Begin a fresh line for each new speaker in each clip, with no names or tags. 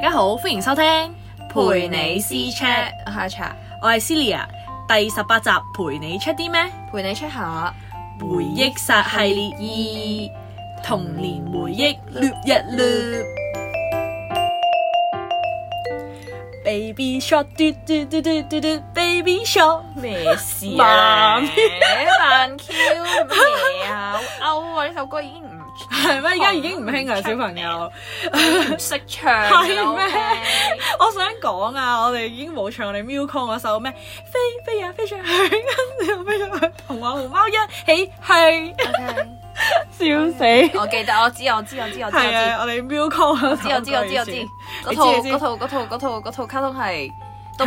大家好，歡迎收聽
陪你私
chat 我係 Celia，第十八集陪你 chat 啲咩？陪你 chat 下回憶殺系列二，童年回憶 Loop 一 Loop。Baby shot Baby shot 咩事，扮咩扮 Q，咩事啊，我我呢首歌。係咩？而家已經唔興㗎！小朋友，識唱又咩？我想講啊，我哋已經冇唱我哋 Miu Kong 嗰首咩？飛飛呀飛上去，又飛出去。同我熊貓一起嗨，笑死！我記得，我知，我知，我知，我知。我哋 Miu Kong 我知，我知，我知，我知。嗰套嗰套嗰套嗰套嗰套卡通係。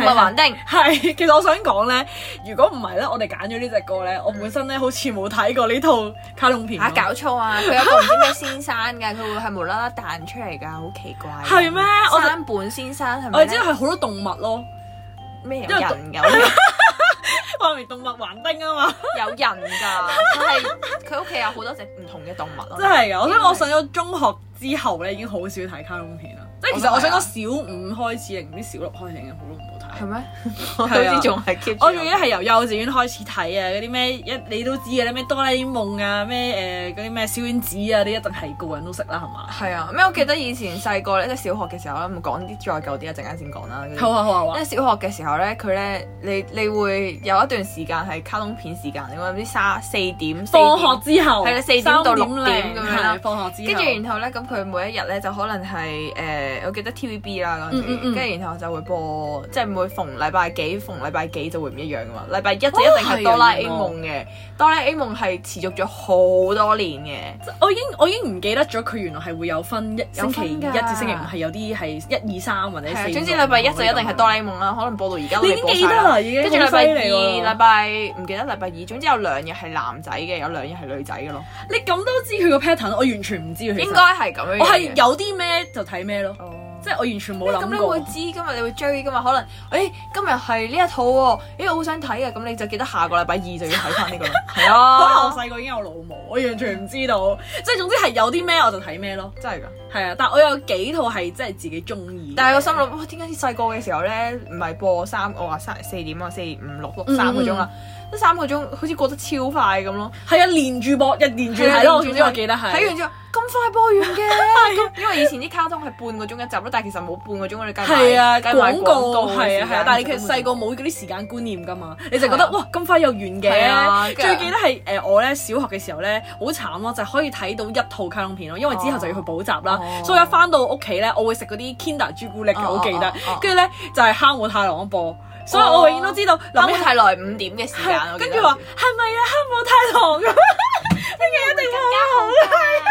動物環丁係，其實我想講咧，如果唔係咧，我哋揀咗呢隻歌咧，我本身咧好似冇睇過呢套卡通片。吓，搞錯啊！佢有個唔知咩先生噶，佢會係無啦啦彈出嚟噶，好奇怪。係咩？山本先生係咪咧？我知道係好多動物咯，咩人噶？話明動物環丁啊嘛，有人噶，係佢屋企有好多隻唔同嘅動物咯。真係噶，所以我上咗中學之後咧，已經好少睇卡通片啦。即係其實我想講小五開始定唔知小六開始嘅好係咩？ 我
到
仲係 keep 我仲記得係由幼稚園開始睇啊，嗰啲咩一你都知啊，咧，咩哆啦 A 夢啊，咩誒嗰啲咩小丸子啊，啲一定係個人都識啦，係嘛？係啊，咩？我記得以前細個咧，即係小學嘅時候咧，唔講啲再舊啲，一陣間先講啦。好啊好啊！因為小學嘅時候咧，佢咧，你你會有一段時間係卡通片時間，我諗啲三四點。放學之後。係啦，四點到六點咁樣。放學之後。跟住然後咧，咁佢每一日咧就可能係誒、呃，我記得 TVB 啦跟住然後就會播，即、就、係、是、每。逢禮拜幾，逢禮拜幾就會唔一樣噶嘛。禮拜一就一定係哆啦 A 夢嘅，哆啦 A 夢係持續咗好多年嘅。我已經我已經唔記得咗，佢原來係會有分一星期、啊、一至星期五係有啲係一二三或者四。總之禮拜一就一定係哆啦 A 夢啦，可能播到而家。你已經記得啦，已經。跟住禮拜二禮拜唔記得禮拜二，總之有兩日係男仔嘅，有兩日係女仔嘅咯。你咁都知佢個 pattern，我完全唔知佢。應該係咁樣。我係有啲咩就睇咩咯。哦即係我完全冇諗過、欸。咁你會知今日你會追噶嘛？可能，誒、欸，今日係呢一套喎、哦，誒、欸，我好想睇嘅，咁你就記得下個禮拜二就要睇返呢個啦。係 啊。可能哇我細個已經有老母，我完全唔知道。即係 總之係有啲咩我就睇咩咯。真係噶。係啊，但我有幾套係真係自己中意。但係我心諗，哇，點解啲細個嘅時候咧，唔係播三，我話三四點啊，四,四五六六三個鐘啦。嗯三個鐘，好似過得超快咁咯。係啊，連住播，一連住睇咯。我記得係睇完之後咁快播完嘅，因為以前啲卡通係半個鐘一集咯，但係其實冇半個鐘嗰啲加快，廣告係啊，但你其實細個冇嗰啲時間觀念㗎嘛，你就覺得哇咁快又完嘅。最記得係誒我咧小學嘅時候咧，好慘咯，就可以睇到一套卡通片咯，因為之後就要去補習啦。所以一翻到屋企咧，我會食嗰啲 Kinder 朱古力嘅，我記得。跟住咧就係哈姆太郎播。所以我永遠都知道，諗得太耐五點嘅時間，跟住話係咪啊，哈姆太郎啊，呢 嘢一定好、嗯、 更加好啦，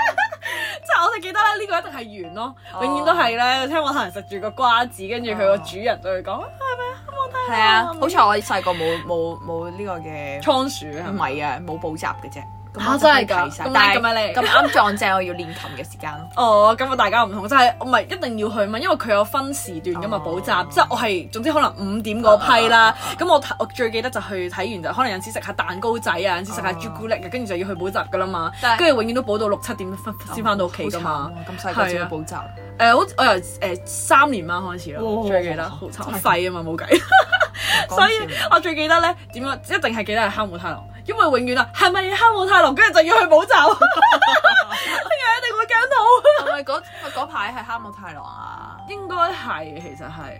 即係我哋記得啦，呢個一定係完咯，喔、永遠都係咧。聽我太郎食住個瓜子，跟住佢個主人對佢講係咪啊，哈姆太郎係啊，好彩我細個冇冇冇呢個嘅倉鼠啊，唔係啊，冇補習嘅啫。嚇真係㗎，咁咁樣咧，咁啱撞正我要練琴嘅時間咯。哦，咁啊大家唔同，即係唔係一定要去嘛，因為佢有分時段噶嘛補習，即係我係總之可能五點嗰批啦。咁我我最記得就去睇完就可能有陣時食下蛋糕仔啊，有時食下朱古力啊，跟住就要去補習㗎啦嘛。跟住永遠都補到六七點先翻到屋企㗎嘛。咁細個就要補習？誒好，我由誒三年班開始咯。最記得好慘，廢啊嘛，冇計。所以我最記得咧點樣，一定係記得係《亂太郎。因為永遠啊，係咪哈姆太郎？跟住就要去補習，今日一定會驚到。 係咪嗰排係哈姆太郎啊？應該係，其實係。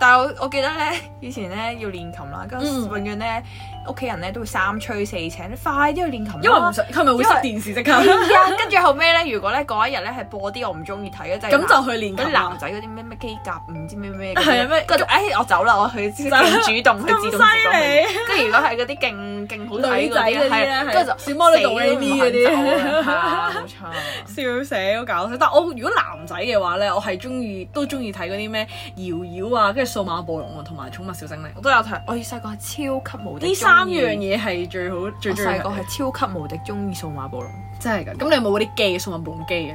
但係我我記得咧，以前咧要練琴啦，跟永遠咧。嗯屋企人咧都會三催四請，快啲去練琴。因為唔使，佢咪會塞電視即刻。跟住後尾咧，如果咧嗰一日咧係播啲我唔中意睇嘅，就咁就去練琴。啲男仔嗰啲咩咩機甲，唔知咩咩。咩？跟住誒，我走啦，我去自動主動去自動自動。跟住如果係嗰啲勁勁好睇嗰啲，小魔女 DoReMi 啲。好差。笑死好搞笑，但我如果男仔嘅話咧，我係中意都中意睇啲咩搖搖啊，跟住數碼暴龍同埋寵物小精靈，我都有睇。我以前細個係超級無敵。三樣嘢係最好最最，我細個係超級無敵中意數碼暴龍，真係㗎。咁你有冇嗰啲機數碼暴龍機啊？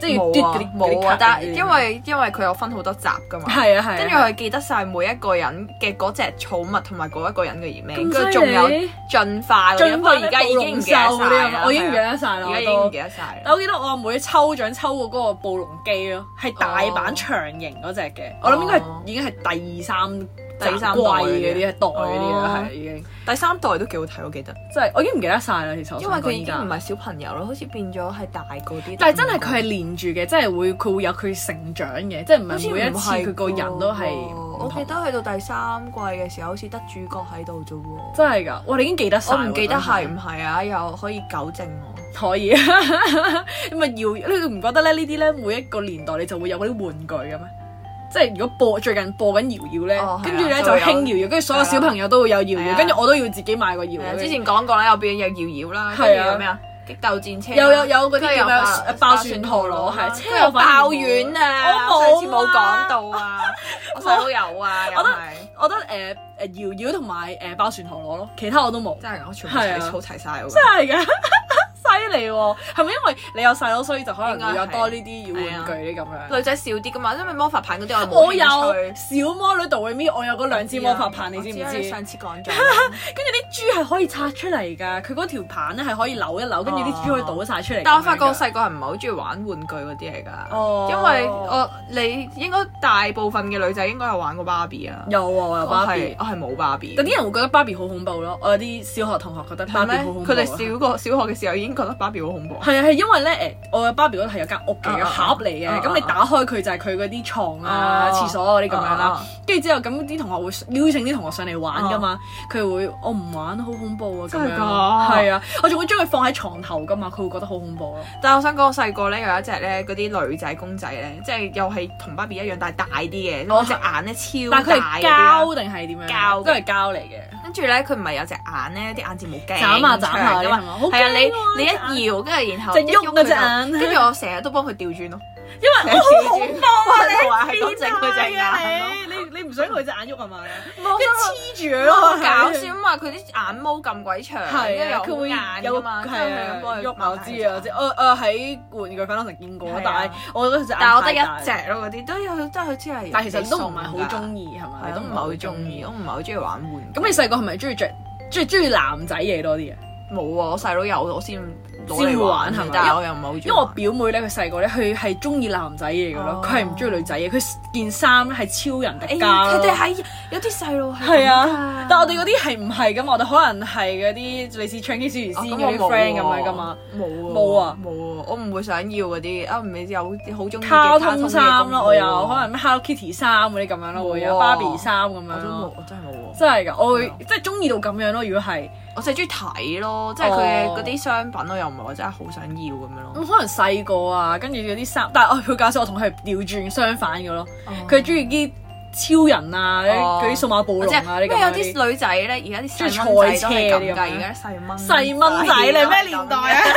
即係要篤嗰啲？冇啊！但係因為因為佢有分好多集㗎嘛。係啊係。跟住我係記得晒每一個人嘅嗰隻寵物同埋嗰一個人嘅名。咁犀利。佢仲有進化，進化而家已經唔記得曬啦。而家已經唔記得晒。但我記得我阿妹抽獎抽過嗰個暴龍機咯，係大版長型嗰隻嘅。我諗應該已經係第三。第三代嗰啲一代嗰啲啊，係、哦、已經。第三代都幾好睇，我記得。即係我已經唔記得晒啦，其實。因為佢已經唔係小朋友咯，好似變咗係大個啲。但係真係佢係連住嘅，即係會佢會有佢成長嘅，即係唔係每一次佢個人都係。我記得去到第三季嘅時候，好似得主角喺度做喎。真係㗎，我哋已經記，記得晒。我唔記得係唔係啊？又可以糾正我。可以。咪要呢？你唔覺得咧？呢啲咧，每一個年代你就會有嗰啲玩具嘅咩？即係如果播最近播緊搖搖咧，跟住咧就興搖搖，跟住所有小朋友都會有搖搖，跟住我都要自己買個搖搖。之前講過啦，有邊樣搖搖啦？有咩啊？激鬥戰車，有有有嗰啲叫咩啊？爆旋陀螺係超爆丸啊！我冇，上次冇講到啊，我都有啊。我覺得我覺得誒誒搖搖同埋誒爆旋陀螺咯，其他我都冇。真係我全部齊粗齊晒！真係㗎。犀利喎，係咪因為你有細佬，所以就可能會有多呢啲玩具咁樣？女仔少啲噶嘛，因為魔法棒嗰啲我有。小魔女度裏面我有嗰兩支魔法棒，你知唔知？上次講咗。跟住啲珠係可以拆出嚟㗎，佢嗰條棒咧係可以扭一扭，跟住啲珠可以倒晒出嚟。但我發覺我細個係唔係好中意玩玩具嗰啲嚟㗎，因為我你應該大部分嘅女仔應該有玩過芭比啊，有啊，有芭比，我係冇芭比。有啲人會覺得芭比好恐怖咯，我有啲小學同學覺得芭比好恐怖，佢哋小個小學嘅時候已經。覺得芭比好恐怖，係啊，係因為咧誒，我嘅芭比咧係有間屋嘅，盒嚟嘅，咁、uh, uh, uh, uh, 你打開佢就係佢嗰啲床啊、廁所嗰啲咁樣啦，跟住之後咁啲同學會邀請啲同學上嚟玩噶嘛，佢會我唔玩，好、uh, 恐怖啊，真係的㗎，係啊，我仲會將佢放喺床頭㗎嘛，佢會覺得好恐怖咯。但係我想講，我細個咧有一隻咧嗰啲女仔公仔咧，即係又係同芭比一樣，但係大啲嘅，我隻眼咧超大，但佢係膠定係點樣？膠的都係膠嚟嘅。跟住咧，佢唔係有隻眼咧，啲眼睫毛勁長啊嘛，係啊，你你一搖，跟住然後隻喐嗰隻眼，跟住我成日都幫佢調轉咯，
因為我好幫對你，你隻啊，係嗰隻嗰隻眼咯、啊。嗯
你唔想佢隻眼喐啊嘛？跟黐住咯，搞笑啊嘛！佢啲眼毛咁鬼長，跟住又佢會眼噶嘛，即係咁幫喐埋啲啊！我我喺玩具反斗城見過，但係我覺得隻，但我得一隻咯，嗰啲都有，即係佢黐係。但其實都唔係好中意，係咪？都唔係好中意，我唔係好中意玩玩具。咁你細個係咪中意着？中意中意男仔嘢多啲啊？冇啊！我細佬有，我先。知玩係嘛？我又唔係好中意，因為我表妹咧，佢細個咧，佢係中意男仔嚟嘅咯，佢係唔中意女仔嘅，佢件衫咧係超人哋家，佢哋係有啲細路係，但我哋嗰啲係唔係咁？我哋可能係嗰啲類似《超級小魚仙》嗰啲 friend 咁樣㗎嘛，冇啊，冇啊，冇啊？我唔會想要嗰啲啊！唔係有好中意卡通衫咯，我有，可能 Hello Kitty 衫嗰啲咁樣咯，有芭比衫咁樣咯，真係冇喎，真係㗎！我即係中意到咁樣咯。如果係我最中意睇咯，即係佢嗰啲商品咯，又。唔係我真係好想要咁樣咯，咁可能細個啊，跟住有啲衫，但係我佢教授，我同佢調轉相反嘅咯，佢中意啲。超人啊！嗰啲數碼暴龍啊！即係有啲女仔咧，而家啲細蚊仔都係咁㗎，而家啲細蚊細蚊仔你咩年代啊？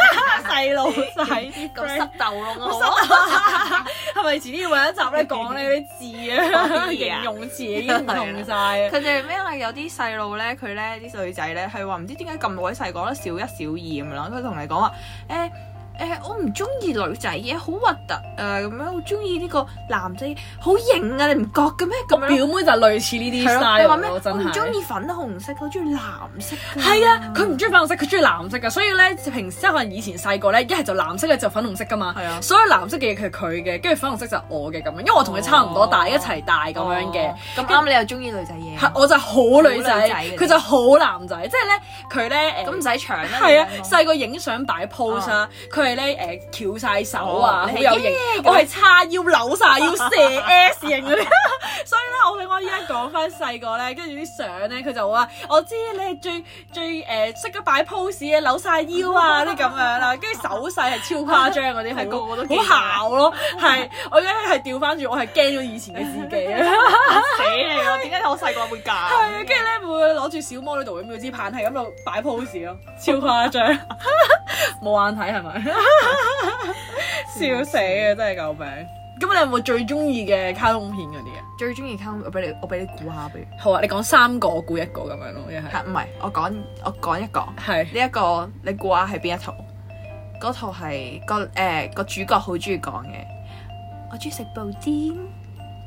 細路仔咁塞豆窿啊！係咪 遲啲要揾一集咧講你啲字啊？形容詞已經用曬佢哋咩，因為啊？ 有啲細路咧，佢咧啲女仔咧係話唔知點解咁鬼細講得小一小二咁樣啦，佢同你講話誒。欸誒，我唔中意女仔嘢，好核突啊！咁樣好中意呢個男仔，好型啊！你唔覺嘅咩？個表妹就係類似呢啲 style，咯我唔中意粉紅色，我中意藍色。係啊，佢唔中意粉紅色，佢中意藍色嘅，所以咧，平時可能以前細個咧，一係就藍色嘅，就粉紅色噶嘛。係啊。所以藍色嘅嘢係佢嘅，跟住粉紅色就我嘅咁樣，因為我同佢差唔多大，一齊大咁樣嘅。咁啱你又中意女仔嘢。係，我就係好女仔，佢就好男仔，即係咧，佢咧咁唔使長啦。係啊。細個影相擺 pose 啦，佢。咧誒翹晒手啊，好有型！我係叉腰扭晒腰，要蛇 S 型嗰啲。所以咧，我俾我依家講翻細個咧，跟住啲相咧，佢就話：我知你係最最誒識得擺 pose 嘅，扭晒腰啊啲咁樣啦。跟住手勢係超誇張嗰啲，係個個都好姣咯。係我而家係掉翻轉，我係驚咗以前嘅自己啊！死你啊！點解我細個會咁？係啊，跟住咧會攞住小魔女度咁樣支棒，係咁度擺 pose 咯，超誇張，冇眼睇係咪？
笑死
啊！真係救命、嗯。咁你有冇最中意嘅卡通片嗰啲啊？最中意卡通片，我俾你，我俾你估下，不如。好啊，你講三個，我估一個咁樣咯，唔係，我講，我講一個。係、啊。呢一個，是這個、你估下係邊一套？嗰套係個誒、呃、個主角好中意講嘅，我中意食布丁。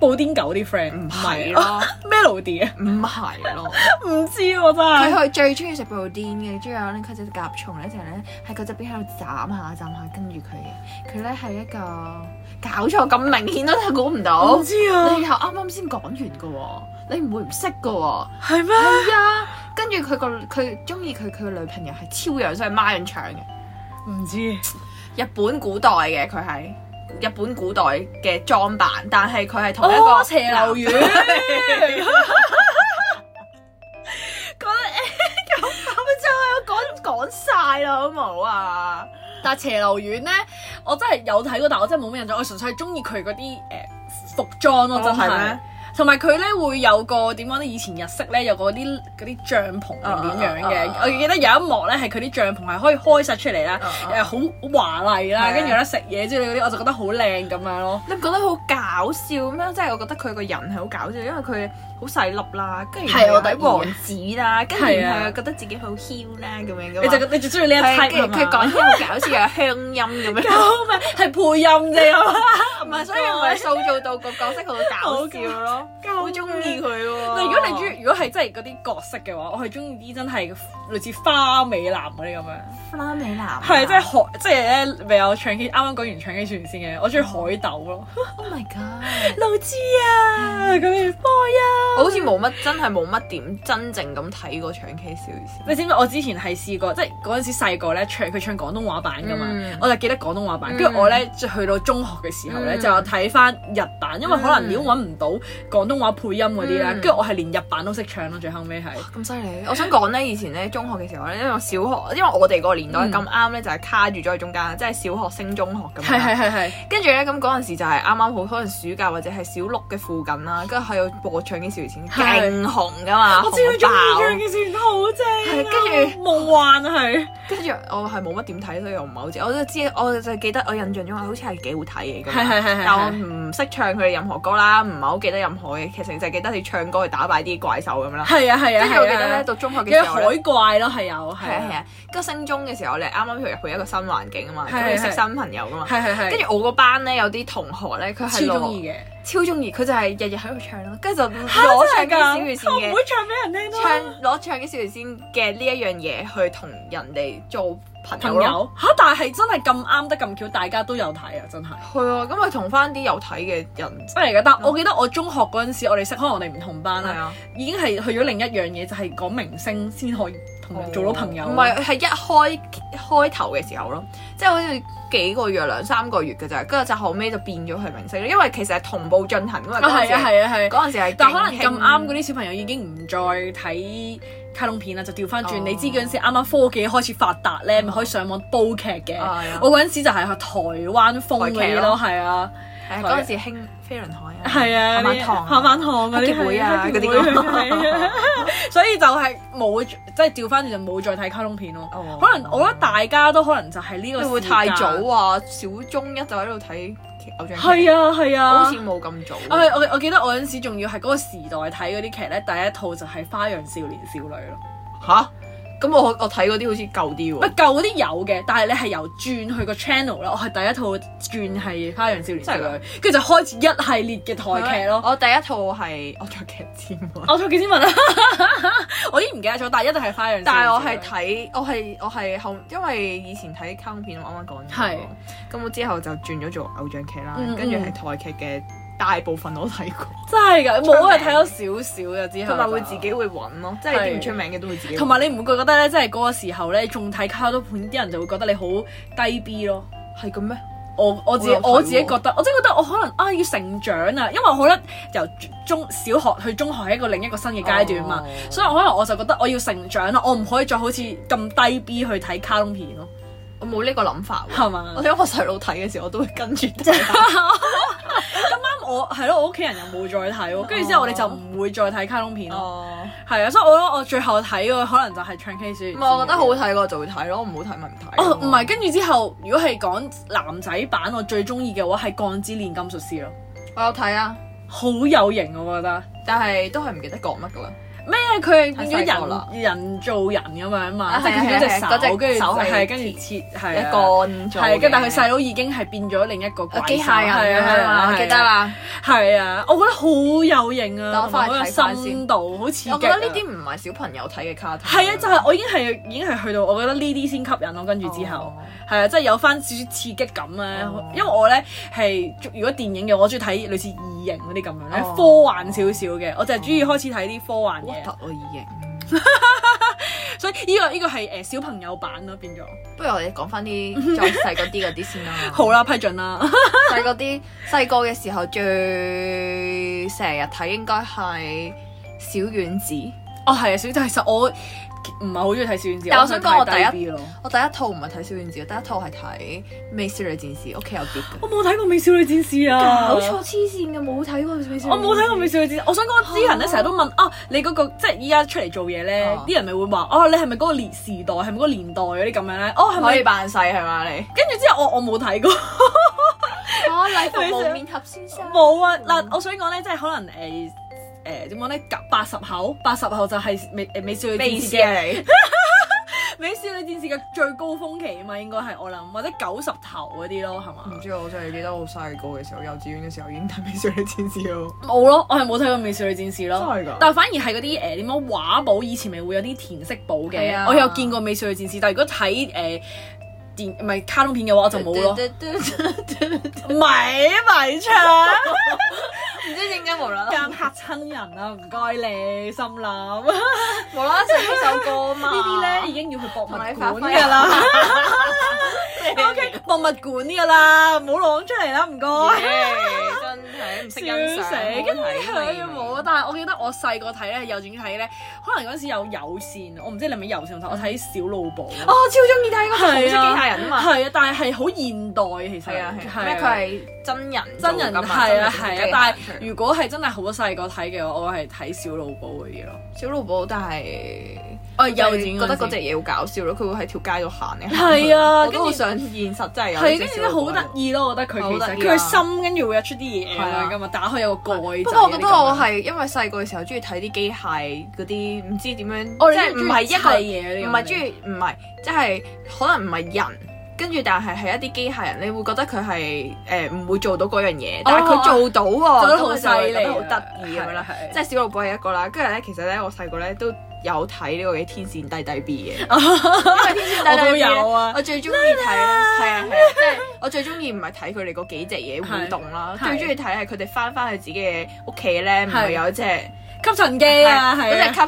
布丁狗啲 friend 唔係咯，Melody 唔係咯，唔知我真係佢係最中意食布丁嘅，中意攞佢隻甲蟲咧成咧喺佢側邊喺度斬下斬下跟住佢嘅，佢咧係一個搞錯咁明顯都都估唔到，唔知啊！ 你又啱啱先講完㗎喎，你唔會唔識㗎喎，係咩？係 啊樂、嗯！跟住佢個佢中意佢佢嘅女朋友係超陽春孖人腸嘅，唔知 日本古代嘅佢係。日本古代嘅裝扮，但係佢係同一個、哦、斜流丸。講誒， 咁咁就係我講講曬啦，好冇啊？但係斜流丸咧，我真係有睇過，但我真係冇咩印象，我純粹係中意佢嗰啲誒服裝咯，嗯、真係。同埋佢咧會有個點講咧？以前日式咧有個啲嗰啲帳篷係點樣嘅？我記得有一幕咧係佢啲帳篷係可以開晒出嚟啦，誒好華麗啦，跟住咧食嘢之類嗰啲，我就覺得好靚咁樣咯。你唔覺得好搞笑咁樣？即係我覺得佢個人係好搞笑，因為佢好細粒啦，跟住又係王子啦，跟住係覺得自己好囂咧咁樣。你就你中意呢一出？佢講好搞笑又鄉音咁樣。唔係，配音啫唔係，所以唔係塑造到個角色好搞笑咯。好中意佢喎！如果你中，如果係真係嗰啲角色嘅話，我係中意啲真係類似花美男嗰啲咁樣。花美男係即係海，即係咧未有唱 K，啱啱講完唱 K 算先嘅。我中意海斗咯。哦、 Oh my god！露朱啊，嗰啲 boy 啊！我好似冇乜真係冇乜點真正咁睇過唱 K 少少。 你知唔知？我之前係試過，即係嗰陣時細個咧唱，佢唱廣東話版噶嘛，mm. 我就記得廣東話版。跟住、mm. 我咧，即去到中學嘅時候咧，就有睇翻日版，因為可能你揾唔到。廣東話配音嗰啲咧，跟住我係連日版都識唱咯，最後尾係。咁犀利！我想講咧，以前咧中學嘅時候咧，因為小學，因為我哋個年代咁啱咧就係卡住咗喺中間，即係小學升中學咁。係係係係。跟住咧，咁嗰陣時就係啱啱好可能暑假或者係小六嘅附近啦，跟住佢播唱啲小魚乾。勁紅㗎嘛！我知佢中意唱嘅時候好正。跟住冇幻係。跟住我係冇乜點睇，所以我唔係好知。我都知，我就記得我印象中話好似係幾好睇嘅。係係但我唔識唱佢哋任何歌啦，唔係好記得任何。海其實就記得你唱歌去打敗啲怪獸咁啦，係啊係啊，即係我記得咧，讀中學嘅時候海怪咯係有，係啊係啊，啊，跟住升中嘅時候咧，啱啱譬如去一個新環境啊嘛，都要、啊、識新朋友噶嘛，係係係，跟住我個班咧有啲同學咧，佢係超中意嘅，超中意，佢就係日日喺度唱咯，跟住就攞唱啲小魚仙。我唔會唱俾人聽咯，唱攞唱嘅小魚仙嘅呢一樣嘢去同人哋做。朋友嚇，但係真係咁啱得咁巧，大家都有睇啊！真係係啊，咁咪同翻啲有睇嘅人嚟嘅。但係我記得我中學嗰陣時，我哋識，可能我哋唔同班啦，係係啊、已經係去咗另一樣嘢，就係、係、講明星先可以同做到朋友、哦。唔係，係一開開頭嘅時候咯，即係好似幾個月、兩三個月嘅咋，跟住就後尾就變咗係明星咯。因為其實係同步進行，因為嗰陣時係，嗰陣時係。啊啊啊啊、但可能咁啱嗰啲小朋友已經唔再睇。卡通片啊，就調翻轉。你知嗰陣時，啱啱科技開始發達咧，咪可以上網煲劇嘅。我嗰陣時就係台灣風嗰啲咯，係啊。誒，嗰陣時興飛輪海啊，啊，夏夢堂、夏夢堂嗰啲啊，嗰啲。所以就係冇，即係調翻轉就冇再睇卡通片咯。可能我覺得大家都可能就係呢個會太早啊，小中一就喺度睇。係啊係啊，啊好似冇咁早。啊、我我我記得我嗰陣時仲要係嗰個時代睇嗰啲劇咧，第一套就係《花樣少年少女》咯。嚇！咁我我睇嗰啲好似舊啲喎，唔舊嗰啲有嘅，但係你係由轉去個 channel 啦。我係第一套轉係《花樣少年、嗯》嘅，跟住就開始一系列嘅台劇咯。我第一套係惡作劇之，惡作劇之吻啦，我已經唔記得咗，但係一定係《花樣少年》。但係我係睇，我係我係後，因為以前睇卡通片我剛剛，我啱啱講。係。咁我之後就轉咗做偶像劇啦，跟住係台劇嘅。大部分我都睇過，真係㗎，冇啊，睇咗少少嘅之後，同埋會自己會揾咯，即係啲唔出名嘅都會自己。同埋你唔會覺得呢，即係嗰個時候呢，仲睇卡通片啲人就會覺得你好低 B 咯。係咁咩？我我自己我自己覺得，我真係覺得我可能啊要成長啊，因為我可能由中小學去中學係一個另一個新嘅階段嘛，oh. 所以我可能我就覺得我要成長啦，我唔可以再好似咁低 B 去睇卡通片咯。我冇呢個諗法喎，係嘛嗎？我哋一個細佬睇嘅時候，我都會跟住睇。咁啱 我係咯，我屋企人又冇再睇喎。跟住、哦、之後，我哋就唔會再睇卡通片咯。係啊、哦，所以我覺得我最後睇嘅可能就係唱 K 先。我覺得好睇，我好就會睇咯；唔好睇咪唔睇。哦，唔係，跟住之後，如果係講男仔版，我最中意嘅話係鋼之煉金術師咯。我有睇啊，好有型，我覺得。但係都係唔記得講乜嘅喇。咩？佢變咗人人做人咁樣嘛，即係跟住手係跟住切一杆，係跟住但佢細佬已經係變咗另一個機械人㗎嘛，係啊，記得啦，係啊，我覺得好有型啊，好有深度，好刺激……我覺得呢啲唔係小朋友睇嘅卡通。係啊，就係我已經係已經係去到，我覺得呢啲先吸引咯。跟住之後係啊，即係有翻少少刺激感咧。因為我咧係如果電影嘅，我中意睇類似異形嗰啲咁樣科幻少少嘅，我就係中意開始睇啲科幻。得我已經，哦、 所以呢個依個係誒小朋友版咯，變咗。不如我哋講翻啲再細個啲嗰啲先啦。 好啦，批准啦，細個啲細個嘅時候最成日睇應該係小丸子。哦，係啊，小，但係其實我，唔係好中意睇《小丸子》，但我想講我第一，我第一套，我第一套唔係睇《小丸子》，第一套係睇《美少女戰士》，屋企有碟。我冇睇過《美少女戰士》啊！搞錯黐線嘅，冇睇過《美少女戰士》。我冇睇過《美少女戰士》，我，士我想講啲、oh. 人咧成日都問啊，你嗰、那個即係依家出嚟做嘢咧，啲、oh. 人咪會話哦、啊，你係咪嗰個年時代係咪嗰個年代嗰啲咁樣咧？哦、啊，係咪可以扮細係嘛你？跟住之後我我冇睇過。啊 ！Oh, 禮服無面俠先生冇 麼啊！嗱，我想講咧，即係可能誒。欸點講咧？八十口，八十口就係美美少女戰士嚟。美少女戰士嘅最高峰期啊嘛，應該係我諗，或者九十頭嗰啲咯，係嘛？唔知我真係記得我細個嘅時候，幼稚園嘅時候已經睇美少女戰士咯。冇咯，我係冇睇過美少女戰士咯。但係反而係嗰啲誒，點、呃、講畫簿？以前咪會有啲填色簿嘅。啊、我有見過美少女戰士，但係如果睇誒、呃、電係卡通片嘅話，我就冇咯。咪咪 唱。 唔知點解無啦啦嚇親人啊！唔該 你心諗 無啦啦係呢首歌嘛。呢啲咧已經要去博物館㗎啦。OK，博物館㗎啦，唔好攞出嚟啦，唔該。Yeah. 唔識欣賞，跟住冇。啊，看是是但係我記得我細個睇咧，幼稚園睇咧，可能嗰陣時有有線，我唔知你係咪有線睇，嗯哦，我睇小露寶。哦、啊，超中意睇嗰個紅色機械人啊嘛。係啊，但係係好現代嘅其實，咩佢係真人真人咁啊？係啊係啊，但係如果係真係好細個睇嘅話，我係睇小露寶嗰啲咯。小露寶，但係。我又展覺得嗰隻嘢好搞笑咯，佢會喺條街度行嘅。係啊，我都好想現實真係有鬼鬼。係、啊，跟住咧好得意咯，我覺得佢佢心跟住會出啲嘢。係啊，咁啊，打開有個蓋。不過、啊、我覺得我係因為細個嘅時候鍾意睇啲機械嗰啲，唔知點樣，即係唔係一個，唔係鍾意，唔係即係可能唔係人。跟住，但係係一啲機械人，你會覺得佢係誒唔會做到嗰樣嘢，哦、但係佢做到喎、啊。做得好犀利，好得意咁啦，即係小露寶係一個啦。跟住咧，其實咧，我細個咧都有睇呢個嘅天線得得 B 嘅，因為天線得得 B 我都有啊。我最中意睇咧，係啊係啊，即係 我最中意唔係睇佢哋嗰幾隻嘢互動啦，最中意睇係佢哋翻翻去自己嘅屋企咧，唔係有隻。吸塵機啊，嗰隻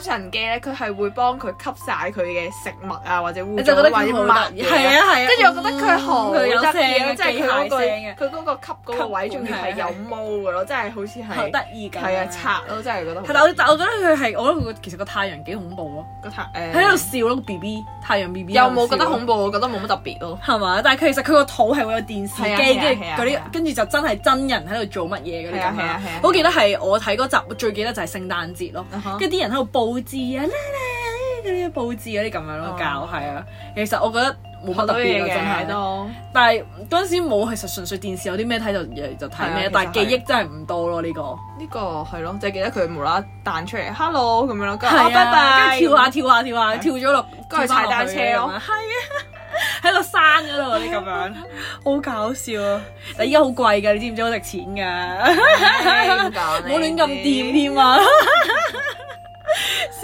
吸塵機咧，佢係會幫佢吸晒佢嘅食物啊，或者污或者毛，係啊係啊，跟住我覺得佢好佢有嘅，即係佢嗰個佢嗰個吸個位仲要係有毛嘅咯，真係好似係好得意㗎，係啊拆咯，真係覺得但我但覺得佢係我覺得佢其實個太陽幾恐怖咯，個太誒喺度笑咯 BB 太陽 BB 又冇覺得恐怖，我覺得冇乜特別咯，係嘛？但係其實佢個肚係會有電視機，跟住嗰啲跟住就真係真人喺度做乜嘢嗰啲咁，我記得係我睇嗰集，最記得就係聖誕。環節咯，跟住啲人喺度布置啊，咧咧咁樣布置嗰啲咁樣咯，教係啊。其實我覺得冇乜特別嘅真係，但係嗰陣時冇，其實純粹電視有啲咩睇就就睇咩，但係記憶真係唔多咯呢個呢個係咯，就係記得佢無啦啦彈出嚟，hello 咁樣咯，跟住拜拜，跳下跳下跳下跳咗落去踩單車咯，係啊。喺度生嗰度啲咁樣， 好搞笑。啊！但係依家好貴㗎，你知唔知好值錢㗎？唔好、okay, 亂咁掂添啊！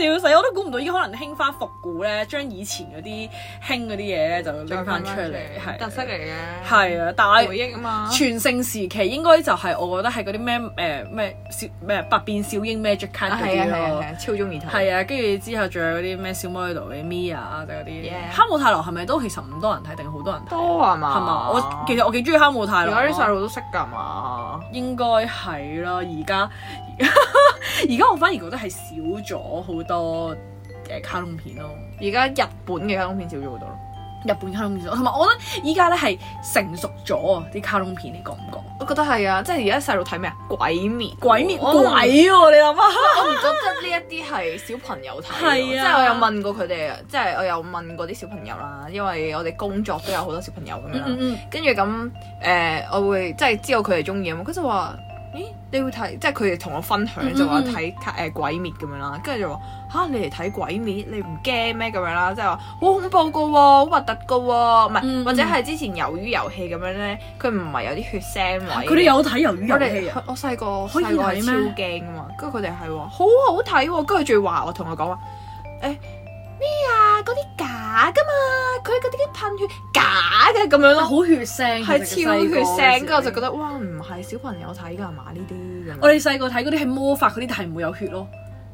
笑死！我都估唔到依家可能興翻復古咧，將以前嗰啲興嗰啲嘢咧就拎翻出嚟，係的特色嚟嘅。係啊的，但係回憶啊嘛。全盛時期應該就係我覺得係嗰啲咩誒咩小咩百變小櫻 Magic 咭咯，超中意睇。係啊，跟住之後仲有嗰啲咩小魔女 DoReMi 啊，就嗰啲。Yeah. 哈姆太郎係咪都其實唔多人睇定好多人睇？多係嘛？係嘛？我其實我幾中意哈姆太郎。而家啲細路都識㗎嘛？應該係啦，而家。而家 我反而覺得係少咗好多誒卡通片咯。而家日本嘅卡通片少咗好多咯。日本卡通片少，同埋我覺得依家咧係成熟咗啊！啲卡通片你覺唔覺？我覺得係啊，即係而家細路睇咩啊？鬼滅，鬼滅鬼喎、啊！你諗下， 我唔覺得呢一啲係小朋友睇，是啊、即係我有問過佢哋，即係我有問過啲小朋友啦，因為我哋工作都有好多小朋友咁、 嗯嗯嗯、樣，跟住咁誒，我會即係知道佢哋中意咁，佢就話。咦，你會睇即係佢哋同我分享就話睇誒鬼滅咁樣啦，跟住就話吓，你嚟睇鬼滅，你唔驚咩咁樣啦？即係話好恐怖噶、啊，好核突噶，唔係、嗯嗯、或者係之前魷魚遊戲咁樣咧，佢唔係有啲血腥位。佢哋有睇魷魚遊戲，我細個細個超驚啊嘛，跟住佢哋係喎，好、啊、好睇喎、啊，跟住仲要話我同我講話誒咩啊嗰啲架。假噶嘛，佢嗰啲噴血假嘅咁樣咯，好血腥，係是超血腥，咁我就覺得哇，唔係小朋友睇噶嘛呢啲。我哋細個睇嗰啲係魔法嗰啲，但係唔會有血咯。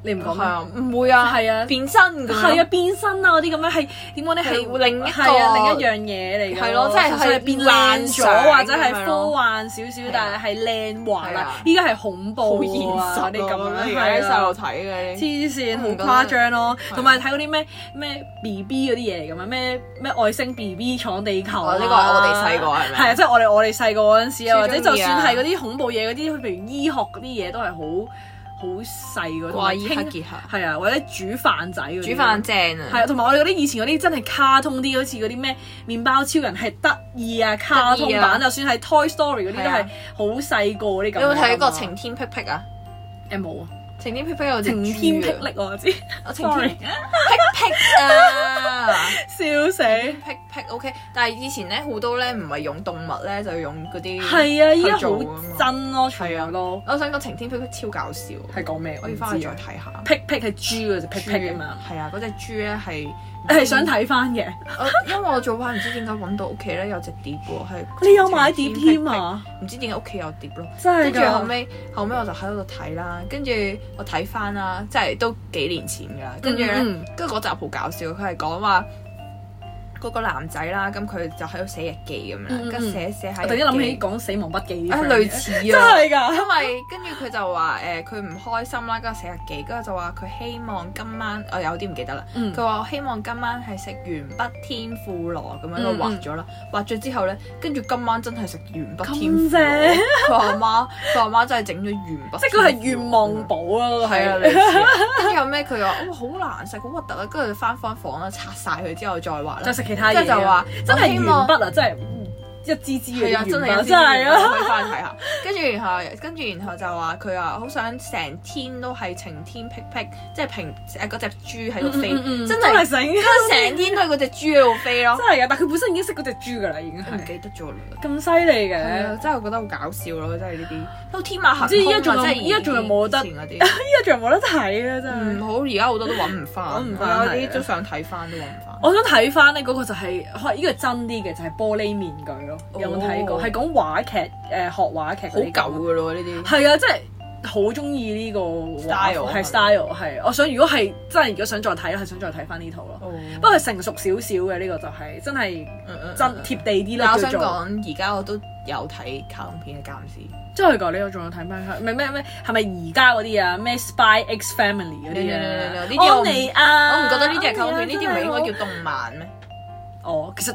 你唔講咩？唔會啊，係啊，變身嘅係啊，變身啊嗰啲咁樣係點講咧？係另一個，另一樣嘢嚟嘅，係咯，即係變爛咗或者係科幻少少，但係係靚畫啦。依家係恐怖、好現實啲咁樣嘅，喺細路睇嘅，黐線好誇張咯。同埋睇嗰啲咩咩 B B 嗰啲嘢嚟咁樣，咩咩外星 B B 闖地球啊？呢個我哋細個係係啊，即係我哋我哋細個嗰陣時啊，或者就算係嗰啲恐怖嘢嗰啲，譬如醫學嗰啲嘢都係好。好細個，同埋傾係啊，或者煮飯仔嗰啲，煮飯正啊，係啊，同埋我哋嗰啲以前嗰啲真係卡通啲，好似嗰啲咩麵包超人係得意啊，卡通版、啊、就算係 Toy Story 嗰啲都係好細個啲噉，你有冇睇過晴天霹霹啊？誒冇啊。啊晴天霹霹我知，晴、哦、天霹靂我知，我晴天霹霹啊！笑死！霹霹 OK，但係以前咧好多咧唔係用動物咧，就用嗰啲。係啊，依家好真咯，係啊咯。我想講晴天霹霹超搞笑，係講咩？我要翻去再睇下。霹霹係豬嗰隻霹霹啊嘛，係啊屁，嗰隻豬咧係。係想睇翻嘅，因為我早排唔知點解揾到屋企咧有隻碟喎，係你有買碟添啊？唔知點解屋企有碟咯，真係㗎。跟住後尾，後尾我就喺嗰度睇啦，跟住我睇翻啦，即係都幾年前㗎啦。跟住咧，跟住嗰集好搞笑，佢係講話。嗰個男仔啦，咁佢就喺度寫日記咁樣，跟住、嗯、寫寫喺度，我突然諗起講死亡筆記啲類似啊。似啊 真係㗎，因為跟住佢就話誒，佢、欸、唔開心啦，跟住寫日記，跟住就話佢希望今晚，哦有嗯、我有啲唔記得啦。佢話希望今晚係食鉛筆天婦羅咁樣，佢畫咗啦，畫咗之後咧，跟住今晚真係食鉛筆天婦羅。佢阿媽，佢阿媽真係整咗鉛筆。即係佢係願望簿啦，啊。係、嗯、啊，類似跟住 後尾，佢話好難食，好核突啦，跟住翻翻房啦，拆晒佢之後再畫啦。即係就話，真係完畢啊，真係、okay 嗎。一支支嘅字，真係真係啦，開翻睇下。跟住然後跟住然後就話佢啊，好想成天都係晴天霹霹，即係平嗰隻豬喺度飛，真係，成住成天都係嗰隻豬喺度飛咯。真係啊，但佢本身已經識嗰隻豬㗎啦，已經係唔記得咗啦。咁犀利嘅，真係覺得好搞笑咯！真係呢啲，都天馬行空啊，真係。依家仲有冇得？依家仲有冇得睇啊？真係。唔好，而家好多都揾唔翻，有啲都想睇翻都揾唔翻。我想睇翻咧，嗰個就係，呢個真啲嘅就係玻璃面具咯。有冇睇過？係、oh, 講話劇，誒學話劇好舊嘅咯，呢啲係啊，真係好中意呢個 style，係 style，係。我想如果係真係，如果想再睇咧，係想再睇翻呢套咯。Oh. 不過成熟少少嘅呢個就係、是、真係真貼地啲啦。嗯嗯嗯嗯，我想講而家我都有睇卡通片嘅監視，真係噶？你又仲有睇咩？唔係咩咩？係咪而家嗰啲啊？咩 Spy X Family 嗰啲？你唔，我唔覺得呢啲係卡通片，呢啲唔應該叫動漫咩？哦，oh, 其實。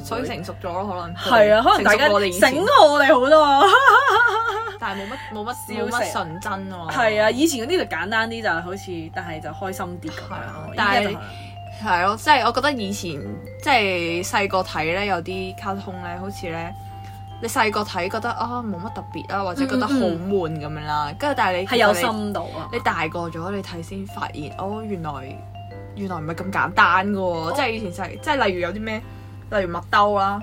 所以成熟咗咯，可能係啊，可能大家醒過我哋好多，啊， 但係冇乜冇乜冇乜純真啊嘛。啊，以前嗰啲就簡單啲，就好似，但係就開心啲咁啊，但係係咯，即係、啊就是、我覺得以前即係細個睇咧，就是、有啲卡通咧，好似咧，你細個睇覺得啊冇乜特別啊，或者覺得好悶咁樣啦。跟住、嗯嗯、但係你係有深度啊！你大個咗你睇先發現，哦原來原來唔係咁簡單噶喎，哦、即係以前細即係例如有啲咩。例如麥兜啦，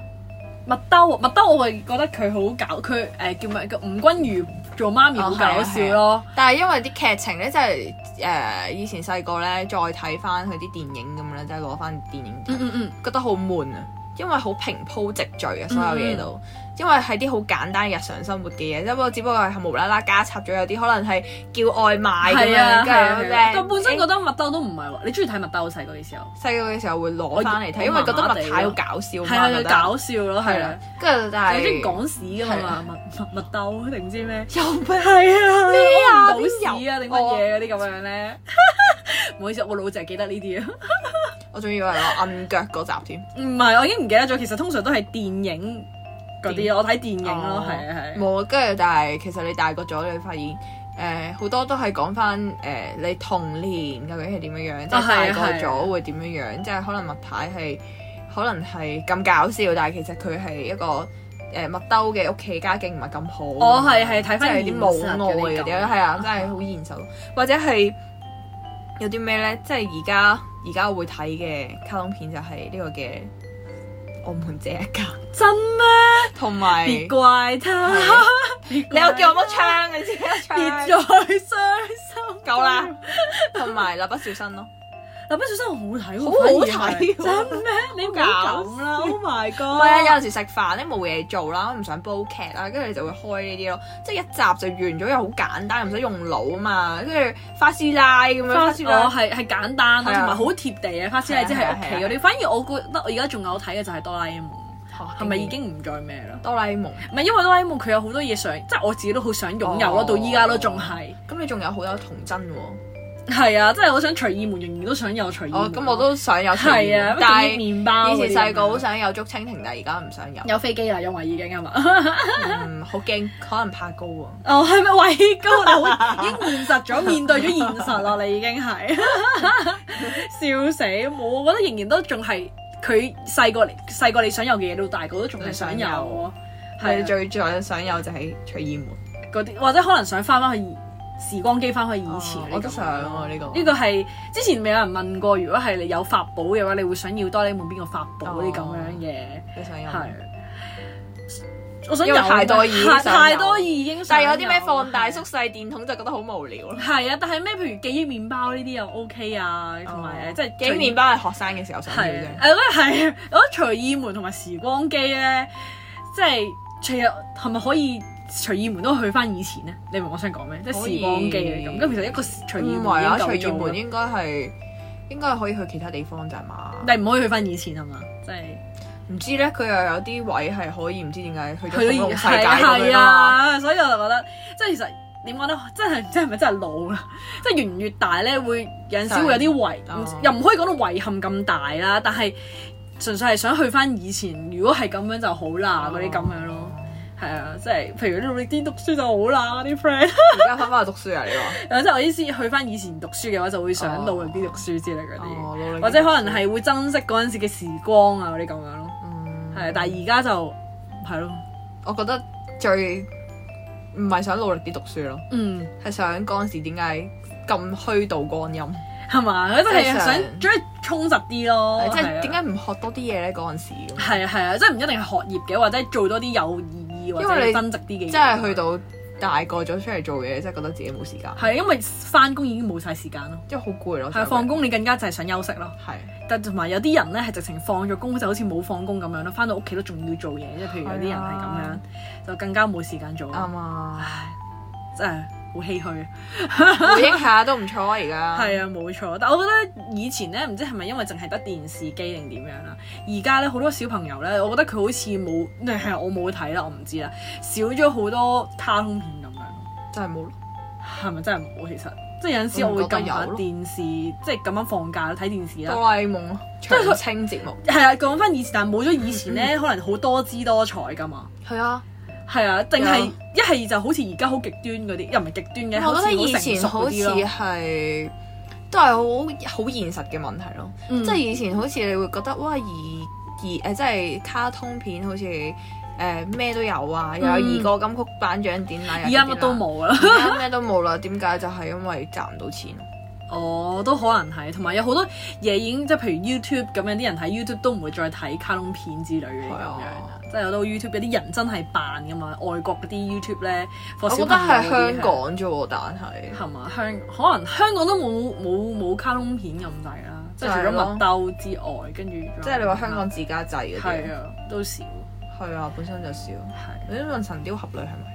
麥兜，麥兜，我會覺得佢好搞，佢誒、呃、叫咩？吳君如做媽咪好搞笑咯。哦啊啊啊、但係因為啲劇情咧、就是，即係誒以前細個咧，再睇翻佢啲電影咁樣咧，即係攞翻電影，就是、電影嗯，嗯嗯，覺得好悶啊，因為好平鋪直敍啊，所有嘢都。嗯嗯因為係啲好簡單日常生活嘅嘢，只不只不過係無啦啦加插咗有啲可能係叫外賣咁樣，跟住但本身覺得麥兜都唔係喎。你中意睇麥兜細個嘅時候？細個嘅時候會攞翻嚟睇，因為覺得麥太好搞笑啦。係啊，搞笑咯，係啦，跟住但係佢中意講屎㗎嘛，麥麥麥兜定唔知咩？又唔係啊？屙唔到屎啊？定乜嘢嗰啲咁樣咧？唔好意思，我老淨係記得呢啲啊。我仲以為攞暗腳嗰集添。唔係，我已經唔記得咗。其實通常都係電影。
啲我睇電
影咯，係啊係。冇啊，跟住但係其實你大個咗，你會發現誒好、呃、多都係講翻誒你童年究竟係點樣樣，即係、啊、大個咗會點樣樣，即係可能麥太係可能係咁搞笑，但係其實佢係一個誒麥、呃、兜嘅屋企家境唔係咁好。我係係睇翻有啲母愛嗰啲，係啊，真係好現實，或者係有啲咩咧？即係而家而家會睇嘅卡通片就係呢個嘅。我們這一家真咩？同埋有別怪他對，怪他你有叫我乜唱，啊、你知唔知？別再傷心，夠啦。同埋《蠟筆小新》咯。蠟筆小新好睇，好好睇，真咩？你教啦，Oh my God！唔係啊，有陣時食飯咧冇嘢做啦，唔想煲劇啦，跟住就會開呢啲咯，即係一集就完咗，又好簡單，又唔使用腦啊嘛，跟住花師奶咁樣，花師奶係係簡單同埋好貼地啊，花師奶即係屋企嗰啲。反而我覺得我而家仲有睇嘅就係哆啦 A 夢，係咪已經唔再咩啦？哆啦 A 夢唔係因為哆啦 A 夢佢有好多嘢想，即係我自己都好想擁有咯，到依家都仲係。咁你仲有好多童真喎？係啊，真係好想隨意門，仍然都想有隨意門。哦，咁我都想、啊、想，想有。係啊，帶麪包。以前細個好想有竹蜻蜓，但係而家唔想有。有飛機啦，因為已經係嘛？好驚、 嗯，可能怕高啊。哦，係咪畏高？你已經現實咗， 面對咗現實咯，你已經係， 笑死我。我覺得仍然都仲係佢細個，細個你想有嘅嘢，到大個都仲係想有。係、啊、最最後想有就係隨意門嗰啲，或者可能想翻返去。時光機返去以前，哦，我都想啊呢、這個，個。呢個係之前未有人問過，如果係你有法寶嘅話，你會想要多啦 A 夢邊個法寶嗰啲咁樣嘅？你想用？係是。我想有太多已太多已經，已經但係有啲咩放大縮細是電筒就覺得好無聊咯。係啊，但係咩？譬如記憶麵包呢啲又 OK 啊，同埋、哦、即係。記憶麵包係學生嘅時候想要嘅。誒我都係，我覺得隨意、啊、門同埋時光機咧，即係其實係咪可以？隨意門都去翻以前咧，你明我想講咩？即以時光機咁。咁其實一個隨意門、啊、門應該係應該可以去其他地方，就係嘛。但唔可以去翻以前係嘛？即係唔知咧，佢又有啲位係可以，唔知點解去咗恐龍世界、啊、所以我就覺得，即係其實點講咧，覺得真係 即係咪真係老啦？即係年越大咧，會有陣時會有啲遺，嗯、又唔可以講到遺憾咁大啦。但係純粹係想去翻以前，如果係咁樣就好啦，嗰啲咁樣咯。係啊，即係譬如你努力啲讀書就好啦。啲 friend 而家返翻去讀書啊， 你話即係我意思去翻以前讀書嘅話，就會想努力啲讀書之類嗰啲，oh，或者可能係會珍惜嗰陣時嘅時光啊，嗰啲咁樣咯。嗯、mm，係，但係而家就係咯，我覺得最唔係想努力啲讀書咯，嗯，係想嗰陣時點解咁虛度光陰係嘛？都係想追啲充實啲咯，即係點解唔學多啲嘢咧？嗰陣時係啊係啊，即係唔一定係學業嘅，或者做多啲有意。因為你增值啲嘅嘢，即係去到大個咗出嚟做嘢，即係覺得自己冇時間。係因為翻工已經冇晒時間咯，即係好攰咯。係放工你更加就係想休息咯。係的，但同埋有啲人咧係直情放咗工就好似冇放工咁樣咯，翻到屋企都仲要做嘢。即係譬如有啲人係咁樣，的就更加冇時間做。啱啊的，真係。好唏噓，回憶下都唔錯 啊！而家係啊，冇錯。但我覺得以前咧，唔知係咪因為淨係得電視機定點樣啦？而家咧好多小朋友咧，我覺得佢好似冇，係我冇睇啦，我唔知啦，少咗好多卡通片咁樣，真係冇咯。係咪真係冇啊？其實即係有陣時我會撳下電視，即係咁樣放假睇電視啦。哆啦 A 夢，即係長青節目係啊。講翻以前，但係冇咗以前咧，可能好多姿多彩噶嘛、嗯。係、嗯嗯、啊。係啊，定係 Yeah. 一係就好似而家好極端嗰啲，又唔係極端嘅。我覺得以前好似係都係好好現實嘅問題咯，嗯、即係以前好似你會覺得哇，而而誒即係卡通片好似誒咩都有啊，嗯、又有兒歌金曲頒獎典禮。而家乜都冇啦，而家咩都冇啦，點解就係因為賺唔到錢？哦，都可能係，同埋有好多嘢已經即係譬如 YouTube 咁樣，啲人喺 YouTube 都唔會再睇卡通片之類嘅咁樣，啊、即係有啲 YouTube 有啲人真係扮噶嘛，外國嗰啲 YouTube 咧。我覺得係香港啫喎，但係係嘛香港可能香港都冇冇冇卡通片咁滯啦，即係除咗麥兜之外，跟住即係你話香港自家製嗰啲、啊，都少，係啊，本身就少。你想、啊、問神雕俠侶係咪？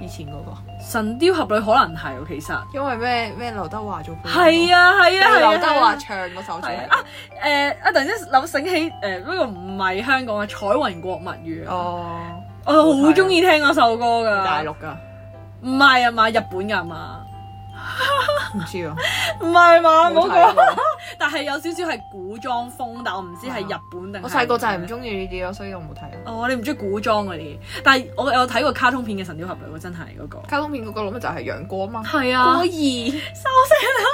以前嗰、那個神雕俠侶可能係喎、啊，其實因為咩咩劉德華做配樂、啊啊啊啊，啊係啊，係劉德華唱嗰首嘢啊突然陣間諗醒起誒，不過唔係香港嘅《彩雲國物語》哦，我好中意聽嗰首歌㗎，大陸㗎，唔係啊嘛，日本㗎嘛。唔知啊，唔係嘛，冇睇。但係有少少係古裝風，但我唔知係日本定。我細個就係唔中意呢啲咯，所以我冇睇。哦，你唔中意古裝嗰啲，但係我有睇過卡通片嘅《神雕俠侶》真係嗰、嗰個。卡通片嗰個老咩就係楊過啊嘛。係啊。過兒，收聲啦，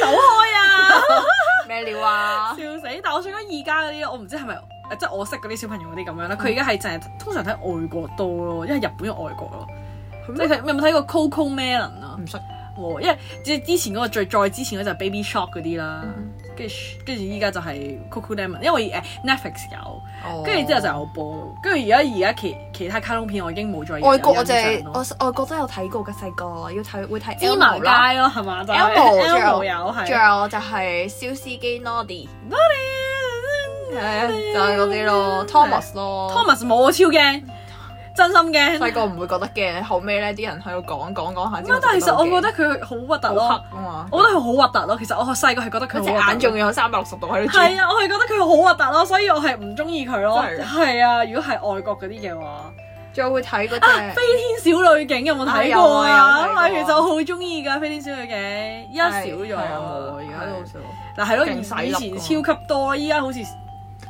笑死，走開啊！咩 料啊？笑死！但我想講，而家嗰啲我唔知係咪，即係我識嗰啲小朋友嗰啲咁樣咧。佢而家係淨係通常睇外國多咯，因為日本又外國咯。即係有冇睇過 Coco Melon 啊？唔識冇，因為即係之前嗰個最再之前嗰就 Baby Shark 嗰啲啦，跟住跟住依家就係 Coco Melon 因為誒 Netflix 有，跟住之後就有播。跟住而家而家其其他卡通片我已經冇再。外國我就我外國真有睇過㗎細個，要睇會睇芝麻街咯係嘛？Elmo 有，仲有就係小司機 Noddy，o 係啊就係嗰啲咯，Thomas 咯，Thomas 冇我超驚。真心驚，細個唔會覺得嘅，後尾咧啲人喺度講講講下。咁但係其實我覺得佢好核突咯，我覺得佢好核突咯。其實我細個係覺得佢隻眼仲有三百六十度喺度轉。係啊，我係覺得佢好核突咯，所以我係唔中意佢咯。係啊，如果係外國嗰啲嘅話，仲會睇嗰隻飛天小女警，有冇睇過啊？咁其實我好中意㗎，飛天小女警而家少咗，而家都好少。嗱係咯，而使以前超級多，依家好似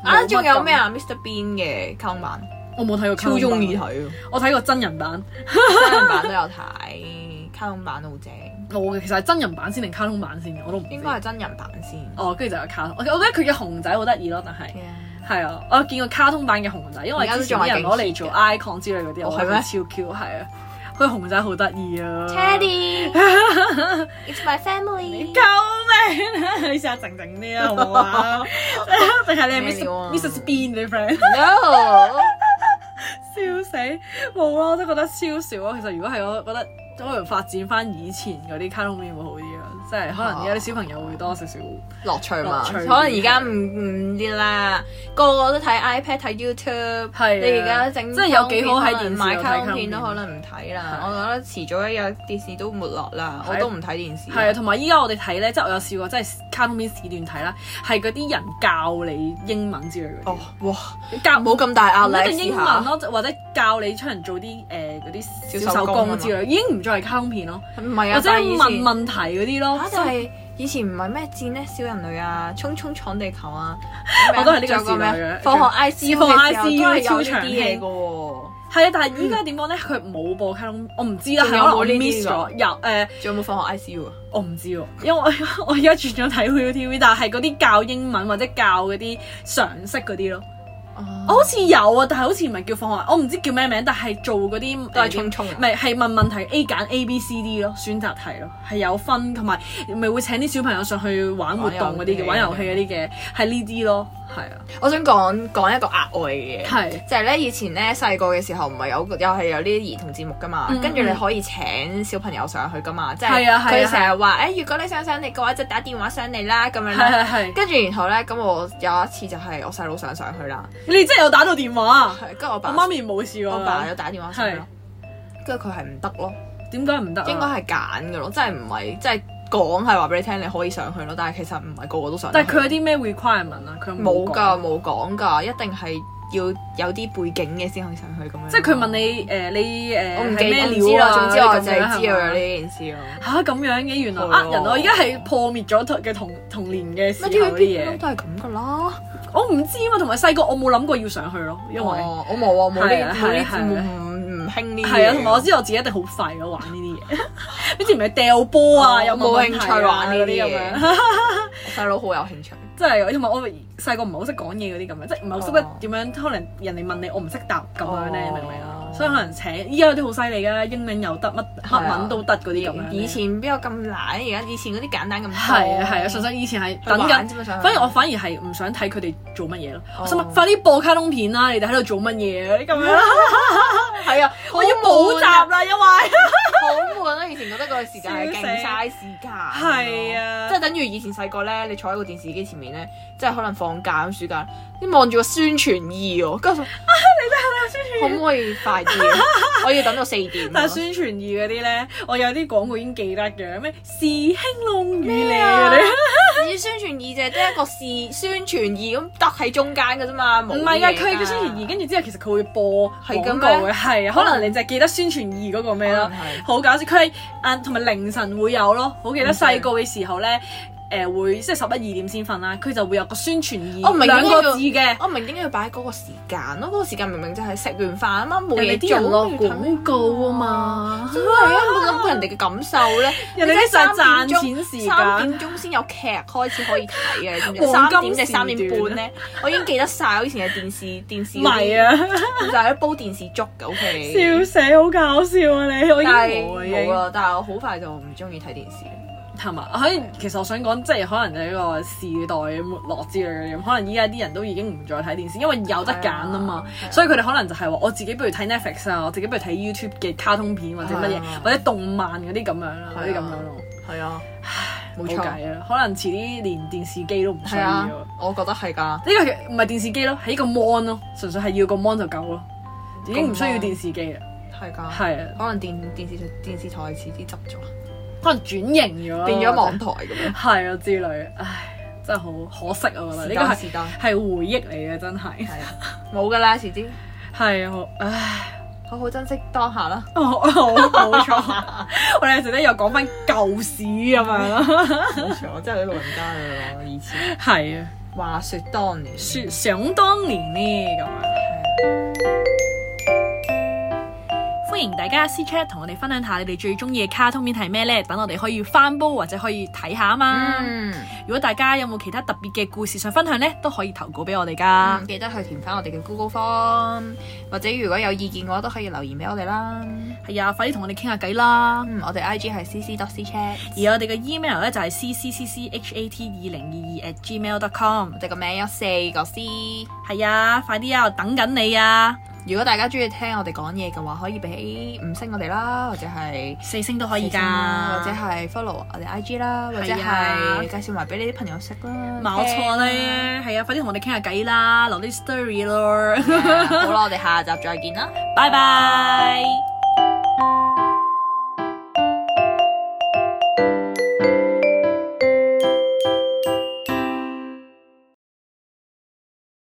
啊，仲有咩啊？Mr Bean 嘅溝版。我冇睇過超，超中意睇，我睇過真人版， 真人版都有睇，卡通版都好正。我 其實係真人版先定卡通版先？我都唔應該係真人版先。哦，跟住就有卡通。我我覺得佢嘅熊仔好得意咯，但係係啊，我見過卡通版嘅熊仔，因為仲有人攞嚟做 icon 之類嗰啲，我係咩超 Q，u 係啊，佢熊仔好得意啊。Teddy，it's my family。救命！ 你嘗嘗靜靜一下長長啲啊！定係你係，Miss Miss Bean 嘅 friend。No。 超死冇啊！我都覺得超少啊。其實如果係我覺得，不如發展翻以前啲卡通片會好啲。即係可能而家啲小朋友會多少少樂趣嘛？可能而家唔唔啲啦，個個都睇 iPad 睇 YouTube。係你而家整即係有幾好喺電視睇卡通片都可能唔睇啦。我覺得遲早一日電視都沒落啦，我都唔睇電視。係啊，同埋依家我哋睇咧，即係我有試過，即係卡通片時段睇啦，係嗰啲人教你英文之類嗰啲。哦，哇！教冇咁大壓力。英文咯，或者教你出嚟做啲誒嗰啲小手工之類，已經唔再係卡通片咯，唔係啊，或者問問題嗰啲咯。啊！就係、是、以前唔係咩戰呢，小人類啊，匆匆闖地球啊， 我都係呢個故咩？還放學 I C 放 I C U 嘅超長戲個喎，係啊、嗯！但係依家點講咧，佢冇播卡通，我唔知啊，可能 miss 咗又誒。仲有冇、呃、放學 I C U 啊？我唔知咯，因為我而家轉咗睇 ViuTV，TV，但係嗰啲教英文或者教嗰啲常識嗰啲咯。我好似有啊，但係好似唔係叫放學，我唔知叫咩名，但係做嗰啲都係重重，咪係問問題 A 揀 A B C D 咯，選擇題咯，係有分同埋咪會請啲小朋友上去玩活動嗰啲嘅，玩遊戲嗰啲嘅係呢啲咯，係啊，我想講講一個額外嘅嘢，係就係咧以前咧細個嘅時候唔係有又係有呢啲兒童節目㗎嘛，跟住你可以請小朋友上去㗎嘛，即係佢成日話誒，如果你想上嚟嘅話就打電話上嚟啦咁樣，跟住然後咧咁我有一次就係我細佬想上去啦。你真係有打到電話啊！跟住、 嗯、我，我媽咪冇事喎，我爸有打電話上去咯。跟住佢係唔得咯，點解唔得？應該係揀㗎咯，即係唔係，即係講係話俾你聽，你可以上去咯。但係其實唔係個個都上。但係佢有啲咩 requirement 啊？佢冇㗎，冇講㗎，一定係。要有啲背景嘅先可以上去咁樣。即係佢問你誒你唔記得咩料啊？總之我就係知咗呢件事咯。吓，咁樣嘅原來呃人我而家係破滅咗嘅同童年嘅事嗰啲嘢。都係咁噶啦，我唔知啊嘛。同埋細個我冇諗過要上去咯，因為我冇啊，冇呢啲唔唔興呢啲嘢。係啊，同埋我知道我自己一定好廢咯，玩呢啲嘢。以前咪掉波啊，有冇興趣玩呢啲啊？大佬好有興趣，即係同埋我細個唔係好識講嘢嗰啲咁樣，即係唔係好識得點樣，可能人哋問你我唔識答咁樣咧，明唔明啊？所以可能請依家啲好犀利㗎，英文又得，乜黑文都得嗰啲咁。以前邊有咁難？而家以前嗰啲簡單咁。係啊係啊，純粹以前係等緊，反而我反而係唔想睇佢哋做乜嘢咯。我心諗快啲播卡通片啦！你哋喺度做乜嘢嗰啲咁樣？係啊，我要補習啦，因為。好悶呀！ 以前覺得嗰個時間係勁嘥時間，係啊，即係等於以前細個咧，你坐喺個電視機前面咧，即係可能放假咁暑假，你望住個宣傳二喎，跟住啊你睇下宣傳， 可唔可以快啲？ 我要等到四點。但係宣傳二嗰啲咧，我有啲廣告已經記得嘅，咩時興隆魚嚟啊？啲 宣傳二就係得一個時宣傳二咁得喺中間嘅啫嘛，冇嘢。唔係啊，佢嘅、啊、宣傳二跟住之後其實佢會播廣告嘅，係啊，可能你就記得宣傳二嗰個咩啦。好搞笑，佢係誒同埋凌晨會有咯，我記得細個嘅時候咧。誒會即係十一二點先瞓啦，佢就會有個宣傳意我唔明兩個字嘅，我唔明點解要擺喺嗰個時間咯。嗰個時間明明就係食完飯啊嘛，冇嘢做咯廣告啊嘛，真係啊！有冇諗過人哋嘅感受咧？人哋就係賺錢時間，三點鐘先有劇開始可以睇嘅，你知三點定三點半咧？我已經記得晒，我以前嘅電視電視，咪啊，就係一煲電視粥嘅 OK。笑死，好搞笑啊你！我以。冇啦，但係我好快就唔中意睇電視。係咪？可以？其實我想講，即係可能係一個時代嘅沒落之類嘅嘢。可能依家啲人都已經唔再睇電視，因為有得揀啊嘛。哎哎、所以佢哋可能就係話，我自己不如睇 Netflix 啊，我自己不如睇 YouTube 嘅卡通片或者乜嘢，哎、呀或者動漫嗰啲咁樣啦，嗰啲咁樣咯。係、哎、啊，冇
計啊。錯錯
可能遲啲連電視機都唔需要、哎。我覺得係㗎。呢個唔係電視機咯，係一個 mon 咯，純粹係要個 mon 就夠咯，已經唔需要電視機啊。係㗎、嗯。係啊。可能電電視台電視台遲啲執咗。可能轉型咗，變咗網台咁樣，係啊之類，唉，真係好可惜啊！我覺得呢個時代，係回憶嚟嘅，真係冇噶啦，遲啲係啊，唉，好好珍惜當下啦。好，冇錯，我哋陣間又講翻舊事咁樣咯。冇錯，即係啲老人家去講以前。係啊，話説當年，説想當年呢，咁樣。歡迎大家私 chat 同我哋分享下你哋最中意嘅卡通片係咩呢？等我哋可以翻煲或者可以睇下啊嘛。嗯、如果大家有冇其他特別嘅故事想分享呢，都可以投稿俾我哋噶、嗯。記得去填翻我哋嘅 Google Form，或者如果有意見嘅話都可以留言俾我哋啦。係啊，快啲同我哋傾下偈啦。嗯、我哋 I G 係 C C dot C chat，而我哋嘅 email 呢就係 C C C C H A T 二零二二 at Gmail dot com，即係個名有四個 C。係啊，快啲啊，我等緊你啊！如果大家中意聽我哋講嘢嘅話，可以俾五星我哋啦，或者係四星都可以㗎，或者係 follow 我哋 IG 啦，啊、或者係介紹埋俾你啲朋友識啦，冇錯咧，係啊，快啲同我哋傾下偈啦，留啲 story 咯，yeah, 好啦，我哋下集再見啦，拜拜 bye。Bye bye